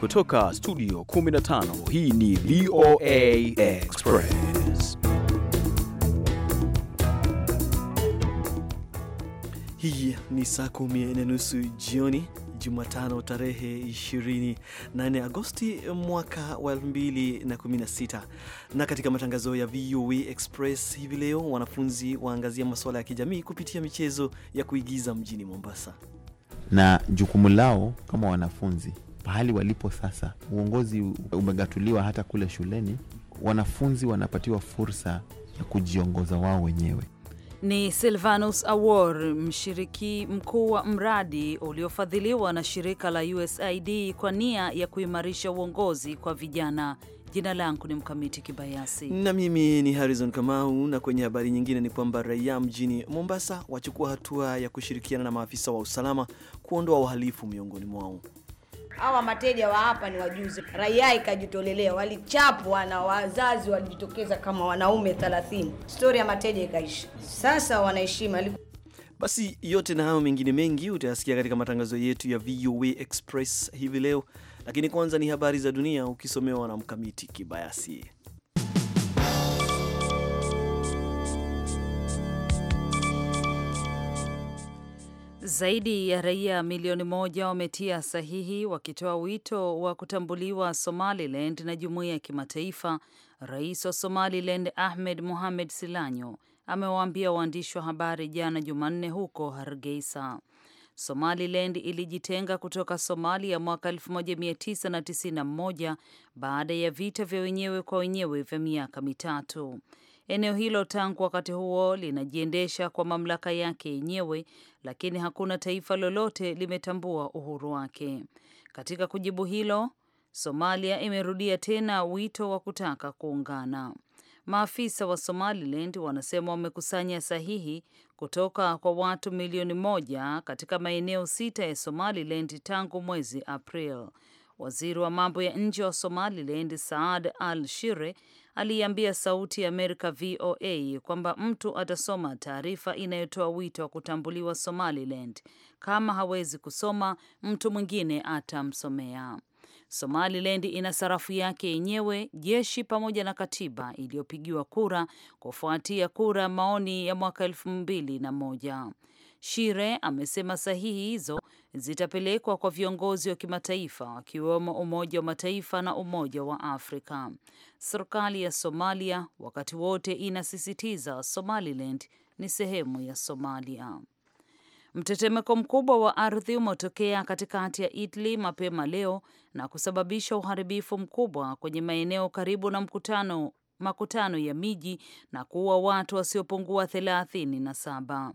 Kutoka studio 15 hii ni VOA Express. Hii ni saa kumi na nusu jioni Jumatano tarehe 28 Agosti mwaka wa 2016. Na katika matangazo ya VOA Express hivi leo, wanafunzi waangazia masuala ya kijamii kupitia michezo ya kuigiza mjini Mombasa, na jukumu lao kama wanafunzi pahali walipo sasa, uongozi umegatuliwa hata kule shuleni, wanafunzi wanapatiwa fursa ya kujiongoza wao wenyewe. Ni Silvanus Awor, mshiriki mkuu wa mradi uliofadhiliwa na shirika la USAID kwa nia ya kuimarisha uongozi kwa vijana. Jina langu ni Mkamiti Kibayasi na mimi ni Harrison Kamau. Na kwenye habari nyingine ni kwamba raia mjini Mombasa wachukua hatua ya kushirikiana na maafisa wa usalama kuondoa uhalifu miongoni mwao hawa mateja wa hapa ni wajuzi. Raia ikajitolelea, walichapwa na wazazi walijitokeza kama wanaume 30. Stori ya mateja ikaisha, sasa wanaheshima. Basi yote na hayo mengine mengi utayasikia katika matangazo yetu ya VOA Express hivi leo, lakini kwanza ni habari za dunia ukisomewa na Mkamiti Kibayasi. Zaidi ya raia milioni moja wametia sahihi wakitoa wito wa kutambuliwa Somaliland na jumuiya ya kimataifa. Rais wa Somaliland Ahmed Mohamed Silanyo amewaambia waandishi wa habari jana Jumanne huko Hargeisa. Somaliland ilijitenga kutoka Somalia mwaka 1991 baada ya vita vya wenyewe kwa wenyewe vya miaka mitatu. Eneo hilo tangu wakati huo linajiendesha kwa mamlaka yake yenyewe, lakini hakuna taifa lolote limetambua uhuru wake. Katika kujibu hilo, Somalia imerudia tena wito wa kutaka kuungana. Maafisa wa Somaliland wanasema wamekusanya sahihi kutoka kwa watu milioni moja katika maeneo sita ya Somaliland tangu mwezi April. Waziri wa mambo ya nje wa Somaliland Saad Al Shire aliiambia Sauti ya Amerika VOA kwamba mtu atasoma taarifa inayotoa wito wa kutambuliwa Somaliland, kama hawezi kusoma, mtu mwingine atamsomea. Somaliland ina sarafu yake yenyewe, jeshi pamoja na katiba iliyopigiwa kura kufuatia kura maoni ya mwaka elfu mbili na moja. Shire amesema sahihi hizo zitapelekwa kwa viongozi wa kimataifa wakiwemo Umoja wa Mataifa na Umoja wa Afrika. Serikali ya Somalia wakati wote inasisitiza Somaliland ni sehemu ya Somalia. Mtetemeko mkubwa wa ardhi umetokea katikati ya Italy mapema leo na kusababisha uharibifu mkubwa kwenye maeneo karibu na mkutano makutano ya miji na kuua watu wasiopungua thelathini na saba.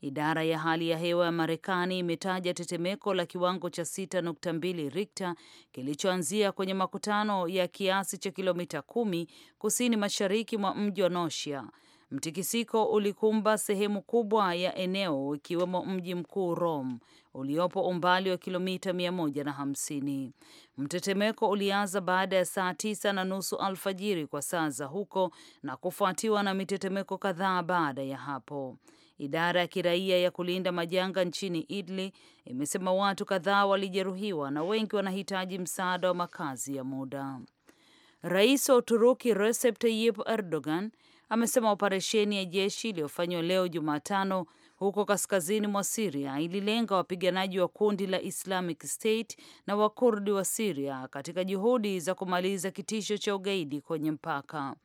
Idara ya hali ya hewa ya Marekani imetaja tetemeko la kiwango cha 6.2 Richter kilichoanzia kwenye makutano ya kiasi cha kilomita kumi kusini mashariki mwa mji wa Noshia. Mtikisiko ulikumba sehemu kubwa ya eneo ikiwemo mji mkuu Rome uliopo umbali wa kilomita 150. Mtetemeko ulianza baada ya saa tisa na nusu alfajiri kwa saa za huko na kufuatiwa na mitetemeko kadhaa baada ya hapo. Idara ya kiraia ya kulinda majanga nchini idli imesema watu kadhaa walijeruhiwa na wengi wanahitaji msaada wa makazi ya muda. Rais wa Uturuki Recep Tayyip Erdogan amesema operesheni ya jeshi iliyofanywa leo Jumatano huko kaskazini mwa Siria ililenga wapiganaji wa kundi la Islamic State na Wakurdi wa Siria katika juhudi za kumaliza kitisho cha ugaidi kwenye mpaka.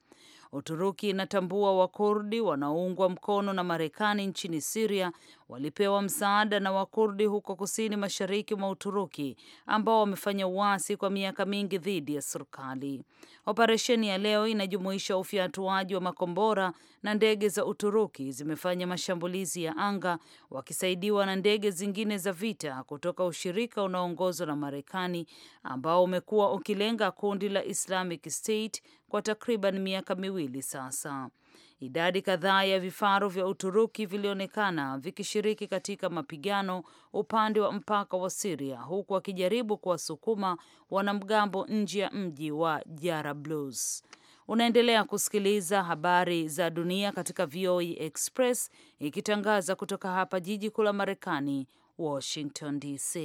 Uturuki inatambua Wakurdi wanaoungwa mkono na Marekani nchini Siria walipewa msaada na Wakurdi huko kusini mashariki mwa Uturuki ambao wamefanya uasi kwa miaka mingi dhidi ya serikali. Operesheni ya leo inajumuisha ufyatuaji wa makombora na ndege za Uturuki zimefanya mashambulizi ya anga wakisaidiwa na ndege zingine za vita kutoka ushirika unaoongozwa na Marekani ambao umekuwa ukilenga kundi la Islamic State kwa takriban miaka miwili sasa. Idadi kadhaa ya vifaru vya Uturuki vilionekana vikishiriki katika mapigano upande wa mpaka wa Siria, huku wakijaribu kuwasukuma wanamgambo nje ya mji wa Jarablus. Unaendelea kusikiliza habari za dunia katika VOA e Express ikitangaza kutoka hapa jiji kuu la Marekani, Washington DC.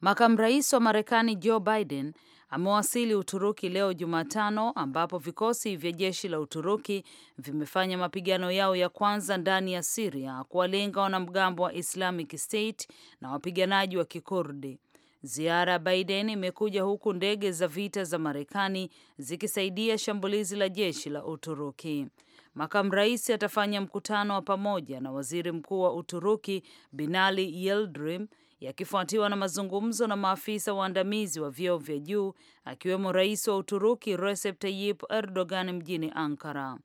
Makamu rais wa Marekani Joe Biden amewasili Uturuki leo Jumatano, ambapo vikosi vya jeshi la Uturuki vimefanya mapigano yao ya kwanza ndani ya Siria kuwalenga wanamgambo wa Islamic State na wapiganaji wa Kikurdi. Ziara ya Biden imekuja huku ndege za vita za Marekani zikisaidia shambulizi la jeshi la Uturuki. Makamu rais atafanya mkutano wa pamoja na waziri mkuu wa Uturuki Binali Yildirim yakifuatiwa na mazungumzo na maafisa waandamizi wa vyeo vya juu akiwemo rais wa Uturuki Recep Tayyip Erdogan mjini Ankara.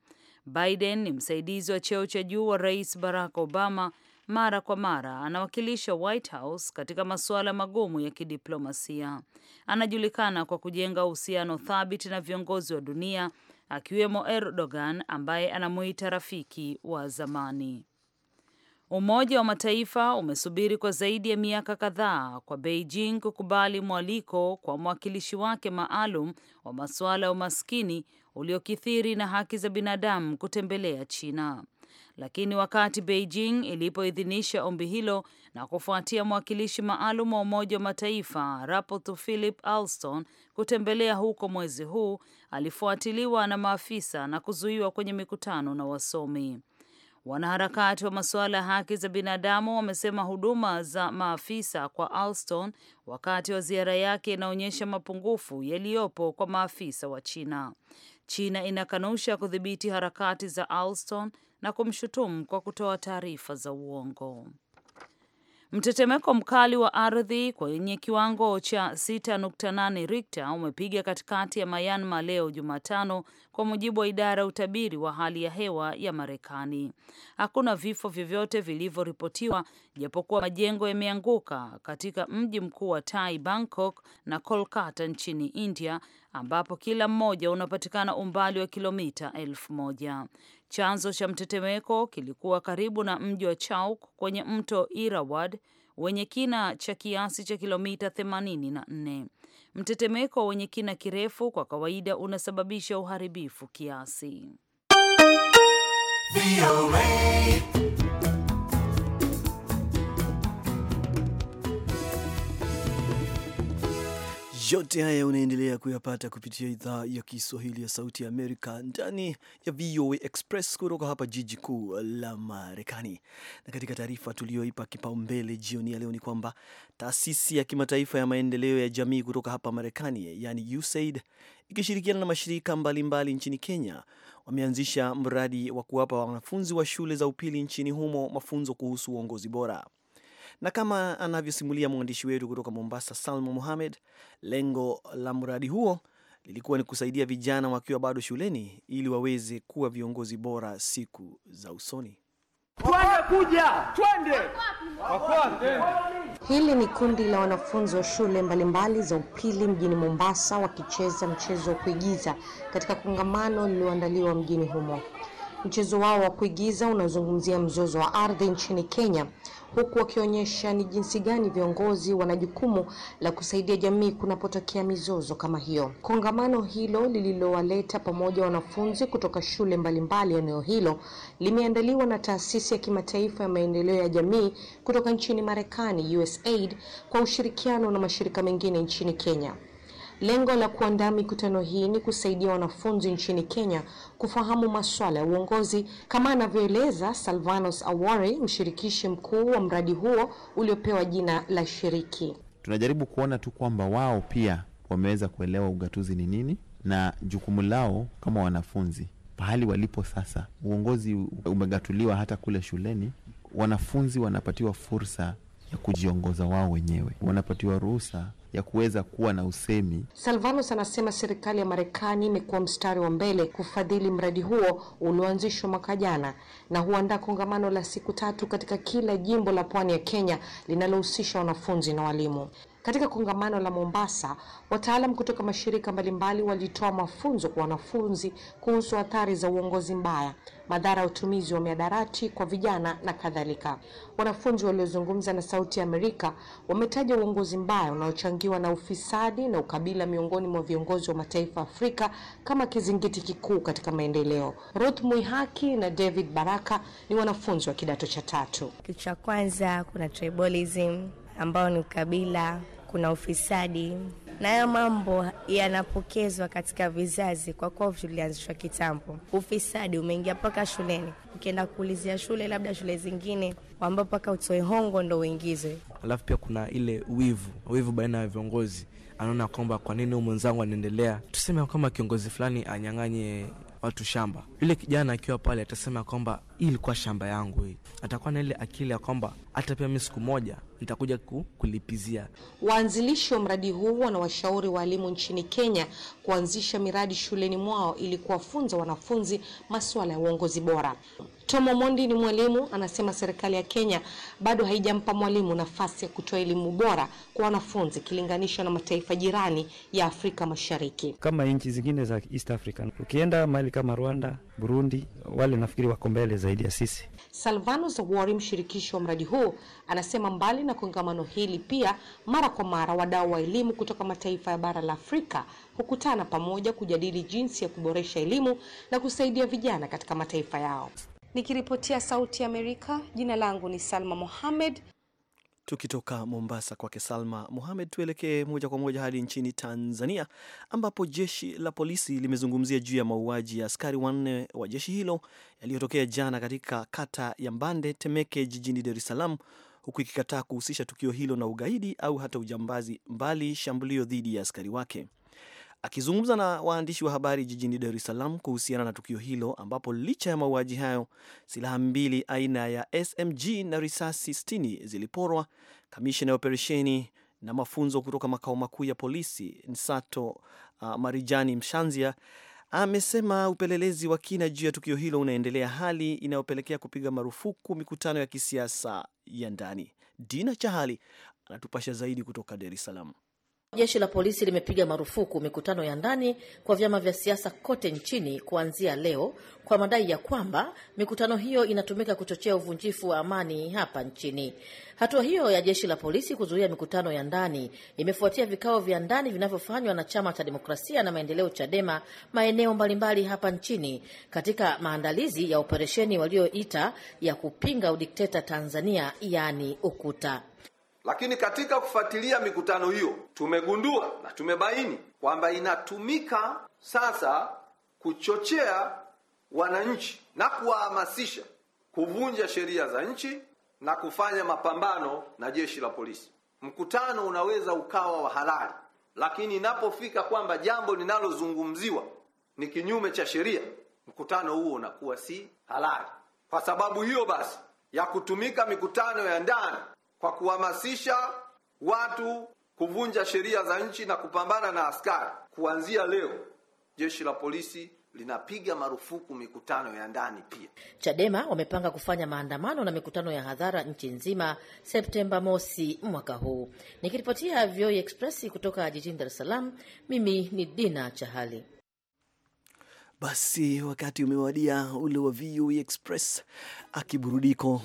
Biden ni msaidizi wa cheo cha juu wa rais Barack Obama. Mara kwa mara anawakilisha White House katika masuala magumu ya kidiplomasia. Anajulikana kwa kujenga uhusiano thabiti na viongozi wa dunia akiwemo Erdogan ambaye anamuita rafiki wa zamani. Umoja wa Mataifa umesubiri kwa zaidi ya miaka kadhaa kwa Beijing kukubali mwaliko kwa mwakilishi wake maalum wa masuala ya umaskini uliokithiri na haki za binadamu kutembelea China. Lakini wakati Beijing ilipoidhinisha ombi hilo na kufuatia mwakilishi maalum wa Umoja wa Mataifa rapot Philip Alston kutembelea huko mwezi huu, alifuatiliwa na maafisa na kuzuiwa kwenye mikutano na wasomi. Wanaharakati wa masuala ya haki za binadamu wamesema huduma za maafisa kwa Alston wakati wa ziara yake inaonyesha mapungufu yaliyopo kwa maafisa wa China. China inakanusha kudhibiti harakati za Alston na kumshutumu kwa kutoa taarifa za uongo. Mtetemeko mkali wa ardhi kwenye kiwango cha 6.8 Richter umepiga katikati ya Myanmar leo Jumatano, kwa mujibu wa idara ya utabiri wa hali ya hewa ya Marekani. Hakuna vifo vyovyote vilivyoripotiwa, japokuwa majengo yameanguka katika mji mkuu wa Thai, Bangkok, na Kolkata nchini India, ambapo kila mmoja unapatikana umbali wa kilomita elfu moja. Chanzo cha mtetemeko kilikuwa karibu na mji wa Chauk kwenye mto Irrawaddy wenye kina cha kiasi cha kilomita 84. Mtetemeko wenye kina kirefu kwa kawaida unasababisha uharibifu kiasi. Yote haya unaendelea kuyapata kupitia idhaa ya Kiswahili ya Sauti ya Amerika ndani ya VOA Express kutoka hapa jiji kuu la Marekani. Na katika taarifa tuliyoipa kipaumbele jioni ya leo ni kwamba taasisi ya kimataifa ya maendeleo ya jamii kutoka hapa Marekani, yani USAID, ikishirikiana na mashirika mbalimbali mbali nchini Kenya wameanzisha mradi wa kuwapa wanafunzi wa shule za upili nchini humo mafunzo kuhusu uongozi bora. Na kama anavyosimulia mwandishi wetu kutoka Mombasa, Salma Mohamed, lengo la mradi huo lilikuwa ni kusaidia vijana wakiwa bado shuleni ili waweze kuwa viongozi bora siku za usoni. Twende kuja, twende. Hili ni kundi la wanafunzi wa shule mbalimbali za upili mjini Mombasa wakicheza mchezo wa kuigiza katika kongamano lililoandaliwa mjini humo. Mchezo wao wa kuigiza unazungumzia mzozo wa ardhi nchini Kenya, huku wakionyesha ni jinsi gani viongozi wana jukumu la kusaidia jamii kunapotokea mizozo kama hiyo. Kongamano hilo lililowaleta pamoja wanafunzi kutoka shule mbalimbali eneo hilo limeandaliwa na taasisi ya kimataifa ya maendeleo ya jamii kutoka nchini Marekani, USAID, kwa ushirikiano na mashirika mengine nchini Kenya. Lengo la kuandaa mikutano hii ni kusaidia wanafunzi nchini Kenya kufahamu masuala ya uongozi, kama anavyoeleza Salvanos awari mshirikishi mkuu wa mradi huo uliopewa jina la Shiriki. Tunajaribu kuona tu kwamba wao pia wameweza kuelewa ugatuzi ni nini na jukumu lao kama wanafunzi pahali walipo sasa. Uongozi umegatuliwa hata kule shuleni, wanafunzi wanapatiwa fursa ya kujiongoza wao wenyewe, wanapatiwa ruhusa ya kuweza kuwa na usemi. Salvanos anasema serikali ya Marekani imekuwa mstari wa mbele kufadhili mradi huo ulioanzishwa mwaka jana na huandaa kongamano la siku tatu katika kila jimbo la pwani ya Kenya linalohusisha wanafunzi na walimu. Katika kongamano la Mombasa, wataalam kutoka mashirika mbalimbali walitoa mafunzo kwa wanafunzi kuhusu athari za uongozi mbaya, madhara ya utumizi wa mihadarati kwa vijana na kadhalika. Wanafunzi waliozungumza na Sauti ya Amerika wametaja uongozi mbaya unaochangiwa na ufisadi na ukabila miongoni mwa viongozi wa mataifa Afrika kama kizingiti kikuu katika maendeleo. Ruth Mwihaki na David Baraka ni wanafunzi wa kidato cha tatu. Kitu cha kwanza kuna tribalism ambao ni ukabila, kuna ufisadi na hayo mambo yanapokezwa katika vizazi, kwa kuwa vilianzishwa kitambo. Ufisadi umeingia mpaka shuleni, ukienda kuulizia shule labda shule zingine, ambao mpaka utoe hongo ndo uingizwe. Alafu pia kuna ile wivu, wivu baina ya viongozi, anaona kwamba kwa nini huyu mwenzangu anaendelea, tuseme kwamba kiongozi fulani anyang'anye watu shamba, yule kijana akiwa pale atasema kwamba hii ilikuwa shamba yangu, hii atakuwa na ile akili ya kwamba hata pia mi siku moja nitakuja kulipizia. Waanzilishi wa mradi huu wanawashauri waalimu nchini Kenya kuanzisha miradi shuleni mwao ili kuwafunza wanafunzi masuala ya uongozi bora. Tom Omondi ni mwalimu, anasema serikali ya Kenya bado haijampa mwalimu nafasi ya kutoa elimu bora kwa wanafunzi ikilinganishwa na mataifa jirani ya Afrika Mashariki kama nchi zingine za East Africa. Ukienda mahali kama Rwanda Burundi wale nafikiri wako mbele zaidi ya sisi. Salvano Zawori, mshirikishi wa mradi huu, anasema mbali na kongamano hili, pia mara kwa mara wadau wa elimu kutoka mataifa ya bara la Afrika hukutana pamoja kujadili jinsi ya kuboresha elimu na kusaidia vijana katika mataifa yao. Nikiripotia Sauti ya Amerika, jina langu ni Salma Mohamed. Tukitoka Mombasa kwake Salma muhamed tuelekee moja kwa moja hadi nchini Tanzania, ambapo jeshi la polisi limezungumzia juu ya mauaji ya askari wanne wa jeshi hilo yaliyotokea jana katika kata ya Mbande, Temeke, jijini Dar es Salaam, huku ikikataa kuhusisha tukio hilo na ugaidi au hata ujambazi, mbali shambulio dhidi ya askari wake. Akizungumza na waandishi wa habari jijini Dar es Salaam kuhusiana na tukio hilo, ambapo licha ya mauaji hayo silaha mbili aina ya SMG na risasi 60 ziliporwa, kamishna ya operesheni na mafunzo kutoka makao makuu ya polisi Nsato uh, Marijani Mshanzia amesema upelelezi wa kina juu ya tukio hilo unaendelea, hali inayopelekea kupiga marufuku mikutano ya kisiasa ya ndani. Dina Chahali anatupasha zaidi kutoka Dar es Salaam. Jeshi la polisi limepiga marufuku mikutano ya ndani kwa vyama vya siasa kote nchini kuanzia leo kwa madai ya kwamba mikutano hiyo inatumika kuchochea uvunjifu wa amani hapa nchini. Hatua hiyo ya jeshi la polisi kuzuia mikutano ya ndani imefuatia vikao vya ndani vinavyofanywa na Chama cha Demokrasia na Maendeleo, CHADEMA, maeneo mbalimbali hapa nchini katika maandalizi ya operesheni walioita ya kupinga udikteta Tanzania, yaani UKUTA. Lakini katika kufuatilia mikutano hiyo tumegundua na tumebaini kwamba inatumika sasa kuchochea wananchi na kuwahamasisha kuvunja sheria za nchi na kufanya mapambano na jeshi la polisi. Mkutano unaweza ukawa wa halali, lakini inapofika kwamba jambo linalozungumziwa ni kinyume cha sheria, mkutano huo unakuwa si halali. Kwa sababu hiyo basi ya kutumika mikutano ya ndani kwa kuhamasisha watu kuvunja sheria za nchi na kupambana na askari. Kuanzia leo jeshi la polisi linapiga marufuku mikutano ya ndani pia. Chadema wamepanga kufanya maandamano na mikutano ya hadhara nchi nzima Septemba mosi mwaka huu. Nikiripotia VOA e Express kutoka jijini Dar es Salaam, mimi ni Dina Chahali. Basi wakati umewadia ule wa VOA Express akiburudiko,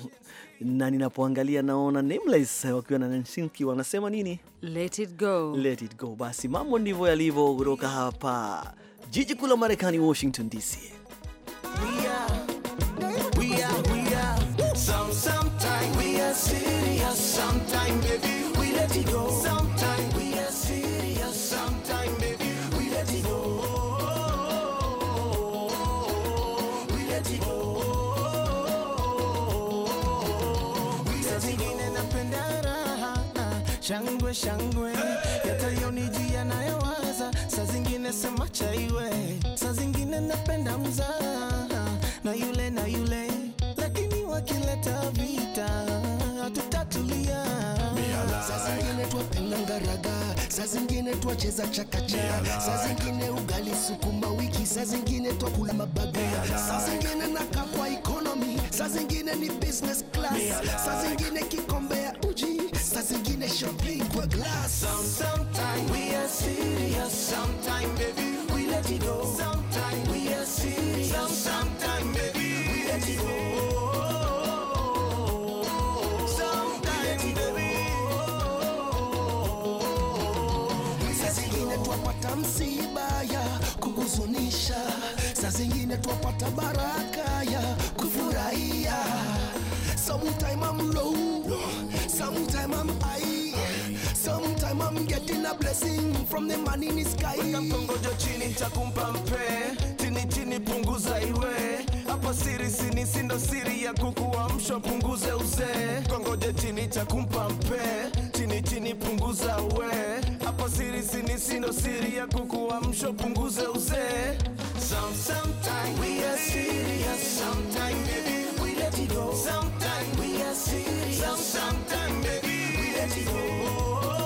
na ninapoangalia naona Nameless wakiwa na Nansinki wanasema nini? Let it go. Let it go. Basi mambo ndivyo yalivyo kutoka hapa jiji kuu la Marekani, Washington DC. We are, shangwe, yatayonijia nayowaza, sa zingine sema chaiwe, saa zingine napenda mzaha na yule na yule, lakini wakileta vita tutatulia. sa zingine twapenda ngaraga, sa zingine twacheza chakacha, sa zingine ugali sukuma wiki, sa zingine twakula mabaga, sa zingine nakaa kwa sa zingine ni business class, sa zingine kiko nation bingwa glass. Sometimes we are serious, sometimes baby we let it go. Sometimes we are serious, sometimes baby we let it go. msiba ya kuhuzunisha, saa zingine twapata baraka ya kufurahia. Sometimes I'm low, sometimes I'm high. a blessing from the man in the sky. chini mpe, chini chini punguza iwe hapa siri sini sindo siri ya punguze kongoje chini mpe, chini chini punguza hapa siri sini sindo siri ya punguze Some, sometimes we are serious, sometimes baby, we let it go. Sometimes we are serious, sometimes baby, we let it go.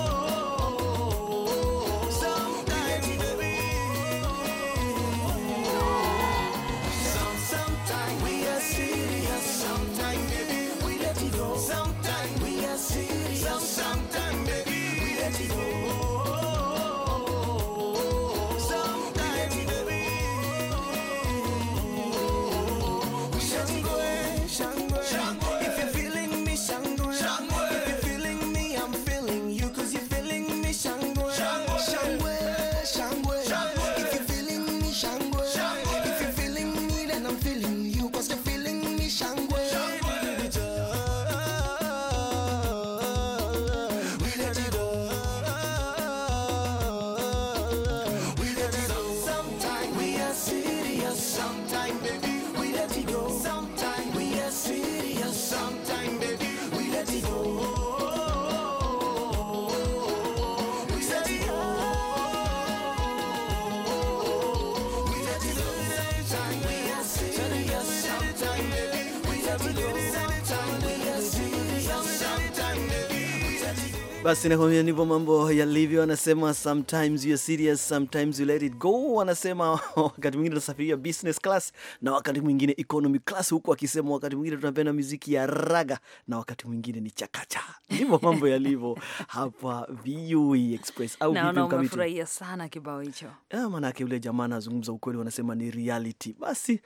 Basi na kwa ndivyo mambo yalivyo. Anasema sometimes you serious, sometimes you let it go. Anasema wakati mwingine tunasafiria business class na wakati mwingine economy class, huku akisema wakati mwingine tunapenda muziki ya raga na wakati mwingine ni chakacha. Ndivyo mambo yalivyo hapa VUE Express au vipi? Mkamiti, umefurahia sana kibao hicho, ah, maanake yule jamaa anazungumza ukweli, wanasema ni reality. Basi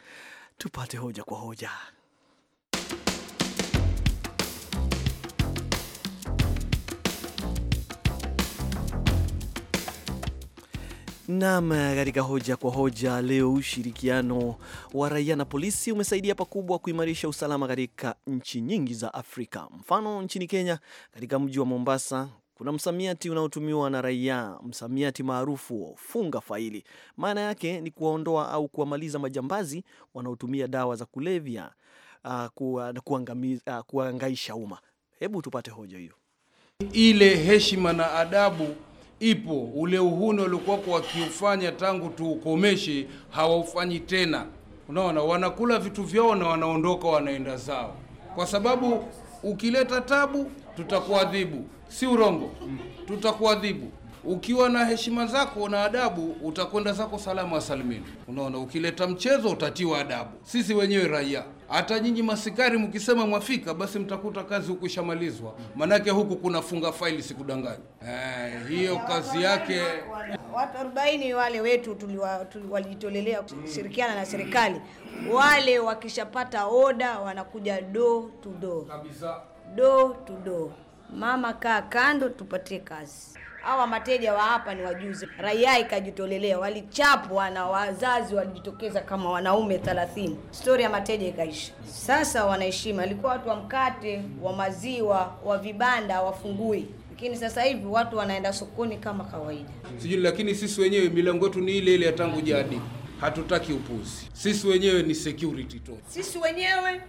tupate hoja kwa hoja. Naam, katika hoja kwa hoja leo, ushirikiano wa raia na polisi umesaidia pakubwa kuimarisha usalama katika nchi nyingi za Afrika. Mfano, nchini Kenya, katika mji wa Mombasa kuna msamiati unaotumiwa na raia, msamiati maarufu funga faili. Maana yake ni kuwaondoa au kuwamaliza majambazi wanaotumia dawa za kulevya ah, uh, kuangamiza, uh, kuangaisha umma. Hebu tupate hoja hiyo, ile heshima na adabu ipo. Ule uhuni waliokuwa wakiufanya tangu tuukomeshe hawaufanyi tena. Unaona, wanakula vitu vyao na wanaondoka wanaenda zao, kwa sababu ukileta tabu tutakuadhibu, si urongo, tutakuadhibu. Ukiwa na heshima zako na adabu, utakwenda zako salama salimini. Unaona, ukileta mchezo utatiwa adabu. Sisi wenyewe raia hata nyinyi masikari mkisema mwafika, basi mtakuta kazi huku ishamalizwa, maanake huku kuna funga faili, sikudanganya. Eh, hiyo kazi yake watu arobaini wale wetu walijitolelea kushirikiana na serikali. Wale wakishapata oda wanakuja do to do, do to do. Mama kaa kando, tupatie kazi hawa mateja wa hapa ni wajuzi. Raia ikajitolelea, walichapwa na wazazi walijitokeza kama wanaume 30. Stori ya mateja ikaisha. Sasa wanaheshima, alikuwa watu wa mkate, wa maziwa, wa vibanda wafungui lakini sasa hivi watu wanaenda sokoni kama kawaida. Sijui, lakini sisi wenyewe milango yetu ni ile ile ya tangu jadi. Hatutaki upuzi. Sisi wenyewe ni security tu. Sisi wenyewe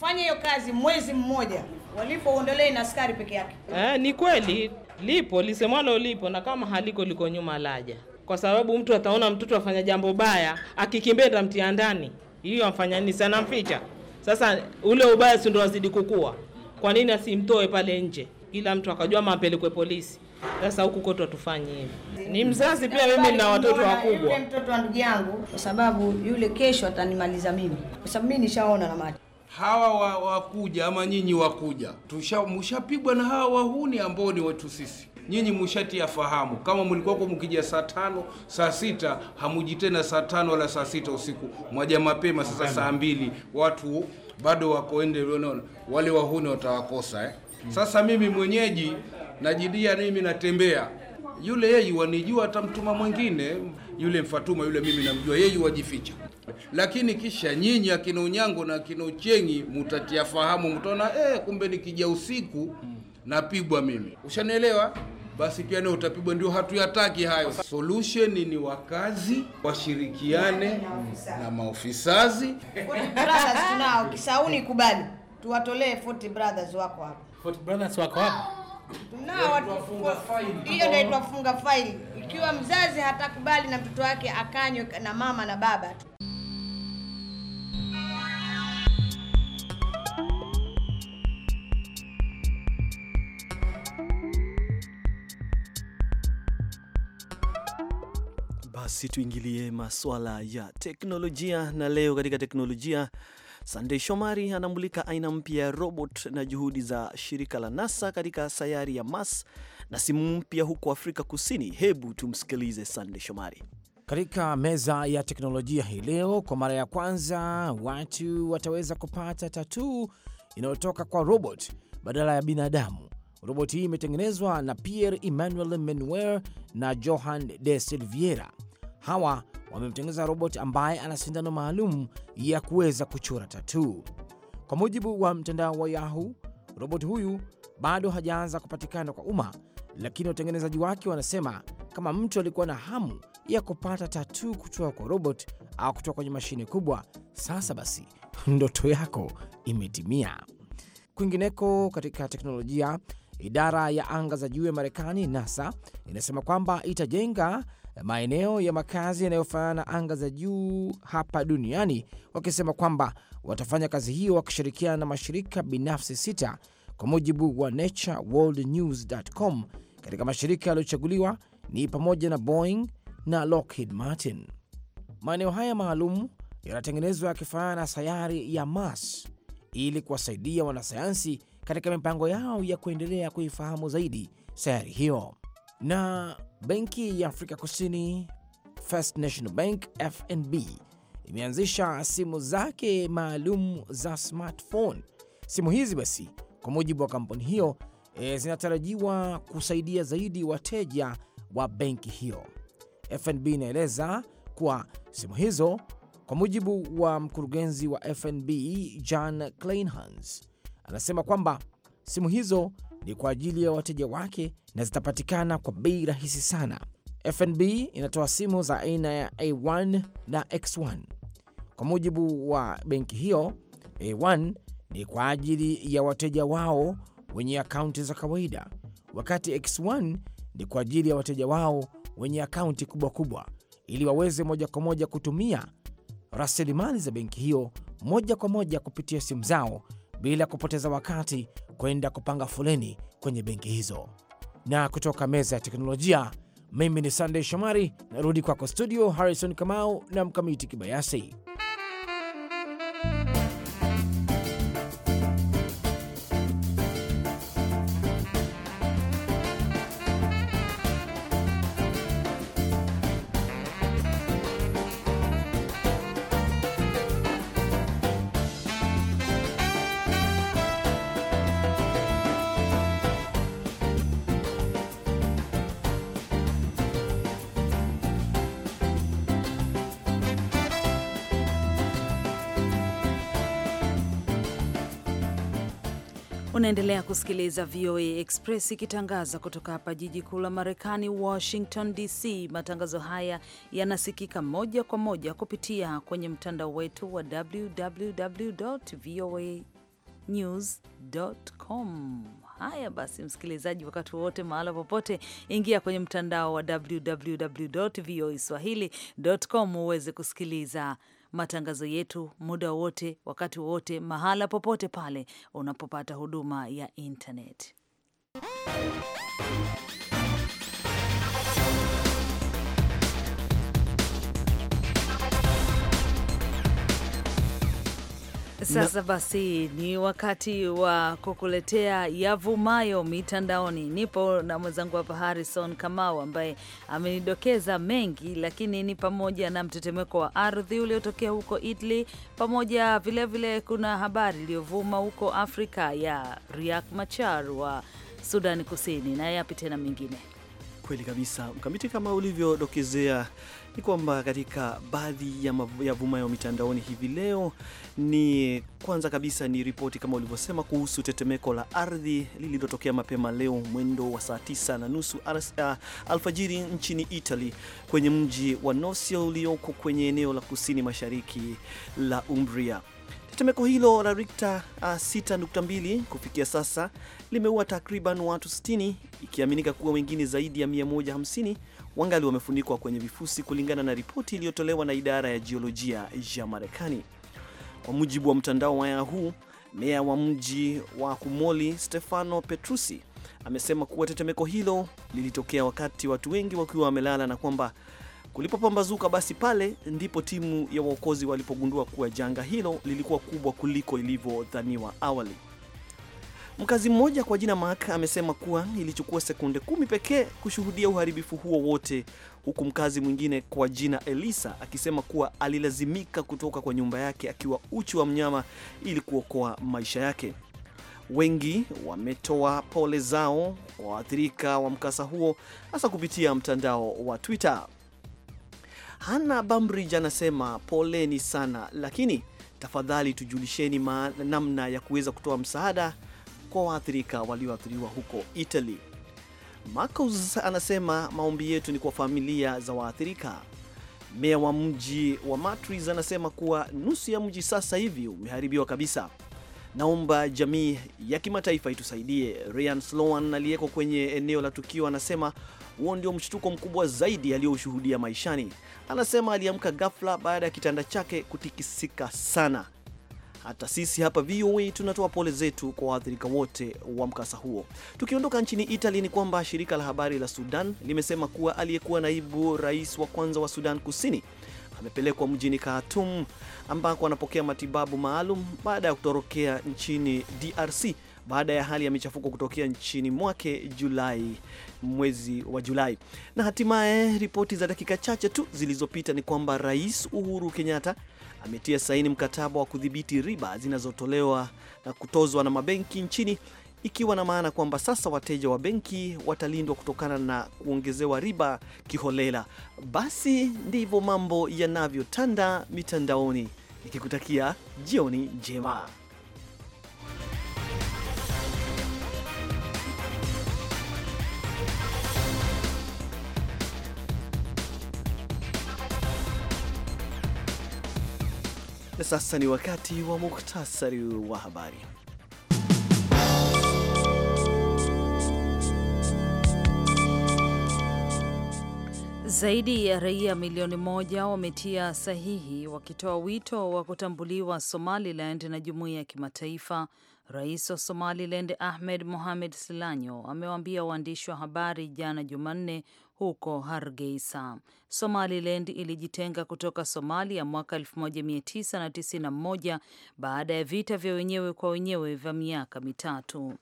fanya hiyo kazi mwezi mmoja, walipoondolea na askari peke yake. Eh, ni kweli lipo lisemwalo lipo, na kama haliko liko nyuma laja, kwa sababu mtu ataona mtoto afanya jambo baya, akikimbia mtia ndani, hiyo amfanya nini? Sana mficha. Sasa ule ubaya si ndo wazidi kukua? Kwa nini asimtoe pale nje, ila mtu akajua mapelekwe polisi? Sasa huku kote tufanye hivi. Ni mzazi pia mimi na watoto wakubwa. Yule mtoto wa ndugu yangu kwa sababu yule kesho atanimaliza mimi. Kwa sababu mimi nishaona na macho. Hawa wakuja wa ama nyinyi wakuja. Tushamshapigwa na hawa wahuni ambao ni wetu sisi. Nyinyi mshatia fahamu kama mlikuwa kwa mkija saa tano saa sita hamuji tena saa tano wala saa sita usiku, mwaja mapema sasa saa mbili watu bado wakoende, wale wahuni watawakosa eh. Mm. Sasa mimi mwenyeji najidia mimi natembea yule yeye wanijua, hata mtuma mwingine yule mfatuma yule mimi namjua yeye, wajificha. Lakini kisha nyinyi akina Unyango na akina Uchengi mutatia fahamu, mtaona eh, kumbe nikija usiku napigwa mimi, ushanielewa? Basi pia nao utapigwa. Ndio hatuyataki hayo. Solution ni wakazi washirikiane na maofisazi. Tunao Kisauni, kubali tuwatolee 40 brothers wako hapa 40 brothers wako hapa hiyo yaani ndio itwafunga faili ikiwa mzazi hatakubali na mtoto wake akanywe na mama na baba tu. Basi tuingilie masuala ya teknolojia, na leo katika teknolojia Sandey Shomari anamulika aina mpya ya robot na juhudi za shirika la NASA katika sayari ya Mars na simu mpya huko Afrika Kusini. Hebu tumsikilize Sandey Shomari. Katika meza ya teknolojia hii leo, kwa mara ya kwanza watu wataweza kupata tatuu inayotoka kwa robot badala ya binadamu. Roboti hii imetengenezwa na Pierre Emmanuel Menuer na Johan de Silviera Hawa wamemtengeneza robot ambaye ana sindano maalum ya kuweza kuchora tatuu. Kwa mujibu wa mtandao wa Yahoo, robot huyu bado hajaanza kupatikana kwa umma, lakini watengenezaji wake wanasema kama mtu alikuwa na hamu ya kupata tatuu kutoka kwa robot au kutoka kwenye mashine kubwa, sasa basi ndoto yako imetimia. Kwingineko katika teknolojia, idara ya anga za juu ya Marekani NASA inasema kwamba itajenga maeneo ya makazi yanayofanana na anga za juu hapa duniani, wakisema kwamba watafanya kazi hiyo wakishirikiana na mashirika binafsi sita, kwa mujibu wa natureworldnews.com. Katika mashirika yaliyochaguliwa ni pamoja na Boeing na Lockheed Martin. Maeneo haya maalum yanatengenezwa yakifanana na sayari ya Mars ili kuwasaidia wanasayansi katika mipango yao ya kuendelea kuifahamu zaidi sayari hiyo. Na benki ya Afrika Kusini First National Bank FNB imeanzisha simu zake maalum za smartphone. Simu hizi basi, kwa mujibu wa kampuni hiyo e, zinatarajiwa kusaidia zaidi wateja wa benki hiyo. FNB inaeleza kuwa simu hizo, kwa mujibu wa mkurugenzi wa FNB John Kleinhans, anasema kwamba simu hizo ni kwa ajili ya wateja wake na zitapatikana kwa bei rahisi sana. FNB inatoa simu za aina ya A1 na X1. Kwa mujibu wa benki hiyo, A1 ni kwa ajili ya wateja wao wenye akaunti za kawaida, wakati X1 ni kwa ajili ya wateja wao wenye akaunti kubwa kubwa, ili waweze moja kwa moja kutumia rasilimali za benki hiyo moja kwa moja kupitia simu zao bila kupoteza wakati kwenda kupanga foleni kwenye benki hizo. Na kutoka meza ya teknolojia, mimi ni Sandey Shomari, narudi kwako studio Harrison Kamau na Mkamiti Kibayasi. Unaendelea kusikiliza VOA Express ikitangaza kutoka hapa jiji kuu la Marekani, Washington DC. Matangazo haya yanasikika moja kwa moja kupitia kwenye mtandao wetu wa www voa news.com. Haya basi, msikilizaji, wakati wowote, mahala popote, ingia kwenye mtandao wa www voa swahili.com uweze kusikiliza matangazo yetu muda wote, wakati wote, mahala popote pale unapopata huduma ya intaneti. Sasa basi ni wakati wa kukuletea yavumayo mitandaoni. Nipo na mwenzangu hapa Harrison Kamau ambaye amenidokeza mengi, lakini ni pamoja na mtetemeko wa ardhi uliotokea huko Italy, pamoja vilevile vile kuna habari iliyovuma huko Afrika ya riak Machar wa Sudani Kusini na yapi tena mengine. Kweli kabisa mkamiti, kama ulivyodokezea ni kwamba katika baadhi ya yavumayo mitandaoni hivi leo ni kwanza kabisa ni ripoti kama ulivyosema kuhusu tetemeko la ardhi lililotokea mapema leo mwendo wa saa tisa na nusu alfajiri nchini Italy kwenye mji wa Nosio ulioko kwenye eneo la kusini mashariki la Umbria. Tetemeko hilo la rikta 6.2 kufikia sasa limeua takriban watu 60 ikiaminika kuwa wengine zaidi ya 150 wangali wamefunikwa kwenye vifusi, kulingana na ripoti iliyotolewa na idara ya jiolojia ya Marekani. Kwa mujibu wa mtandao wa Yahoo, meya wa mji wa Kumoli Stefano Petrusi amesema kuwa tetemeko hilo lilitokea wakati watu wengi wakiwa wamelala na kwamba kulipopambazuka basi pale ndipo timu ya waokozi walipogundua kuwa janga hilo lilikuwa kubwa kuliko ilivyodhaniwa awali. Mkazi mmoja kwa jina Mark amesema kuwa ilichukua sekunde kumi pekee kushuhudia uharibifu huo wote, huku mkazi mwingine kwa jina Elisa akisema kuwa alilazimika kutoka kwa nyumba yake akiwa uchi wa mnyama ili kuokoa maisha yake. Wengi wametoa pole zao kwa waathirika wa mkasa huo hasa kupitia mtandao wa Twitter. Hana Bambridge anasema poleni sana, lakini tafadhali tujulisheni namna ya kuweza kutoa msaada kwa waathirika walioathiriwa huko Italy. Marcus anasema maombi yetu ni kwa familia za waathirika. Meya wa mji wa Matris anasema kuwa nusu ya mji sasa hivi umeharibiwa kabisa. Naomba jamii ya kimataifa itusaidie. Ryan Sloan aliyeko kwenye eneo la tukio anasema huo ndio mshtuko mkubwa zaidi aliyoshuhudia maishani. Anasema aliamka ghafla baada ya kitanda chake kutikisika sana. Hata sisi hapa VOA tunatoa pole zetu kwa waathirika wote wa mkasa huo. Tukiondoka nchini Italy, ni kwamba shirika la habari la Sudan limesema kuwa aliyekuwa naibu rais wa kwanza wa Sudan Kusini amepelekwa mjini Khartoum ambako anapokea matibabu maalum baada ya kutorokea nchini DRC baada ya hali ya michafuko kutokea nchini mwake Julai, mwezi wa Julai. Na hatimaye, ripoti za dakika chache tu zilizopita ni kwamba Rais Uhuru Kenyatta ametia saini mkataba wa kudhibiti riba zinazotolewa na kutozwa na mabenki nchini, ikiwa na maana kwamba sasa wateja wa benki watalindwa kutokana na kuongezewa riba kiholela. Basi ndivyo mambo yanavyotanda mitandaoni, nikikutakia jioni njema. Na sasa ni wakati wa muktasari wa habari. Zaidi ya raia milioni moja wametia sahihi wakitoa wito wa kutambuliwa Somaliland na jumuiya ya kimataifa. Rais wa Somaliland Ahmed Mohamed Silanyo amewaambia waandishi wa habari jana Jumanne huko Hargeisa. Somaliland ilijitenga kutoka Somalia mwaka 1991 baada ya vita vya wenyewe kwa wenyewe vya miaka mitatu.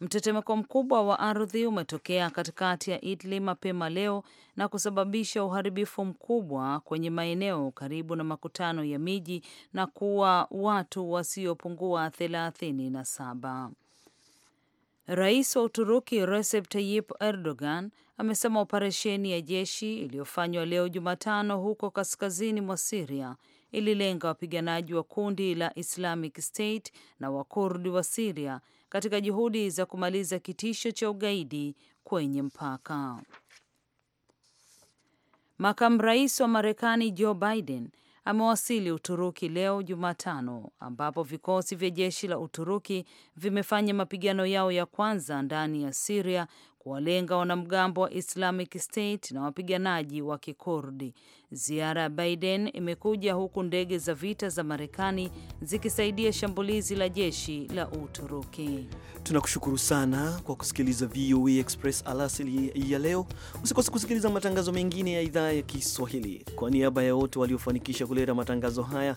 Mtetemeko mkubwa wa ardhi umetokea katikati ya idli mapema leo na kusababisha uharibifu mkubwa kwenye maeneo karibu na makutano ya miji na kuwa watu wasiopungua thelathini na saba. Rais wa Uturuki Recep Tayyip Erdogan amesema operesheni ya jeshi iliyofanywa leo Jumatano huko kaskazini mwa Siria ililenga wapiganaji wa kundi la Islamic State na Wakurdi wa Siria katika juhudi za kumaliza kitisho cha ugaidi kwenye mpaka. Makamu rais wa Marekani Joe Biden amewasili Uturuki leo Jumatano, ambapo vikosi vya jeshi la Uturuki vimefanya mapigano yao ya kwanza ndani ya Siria kuwalenga wanamgambo wa Islamic State na wapiganaji wa Kikurdi. Ziara ya Biden imekuja huku ndege za vita za Marekani zikisaidia shambulizi la jeshi la Uturuki. Tunakushukuru sana kwa kusikiliza VOA e Express alasili ya leo. Usikose kusikiliza matangazo mengine ya idhaa ya Kiswahili. Kwa niaba ya wote waliofanikisha kuleta matangazo haya,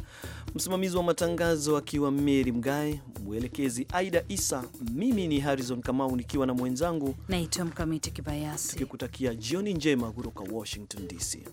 msimamizi wa matangazo akiwa Meri Mgae, mwelekezi Aida Isa, mimi ni Harrison Kamau nikiwa na mwenzangu Night naitwa Mkamiti Kibayasi, tukikutakia jioni njema kutoka Washington DC.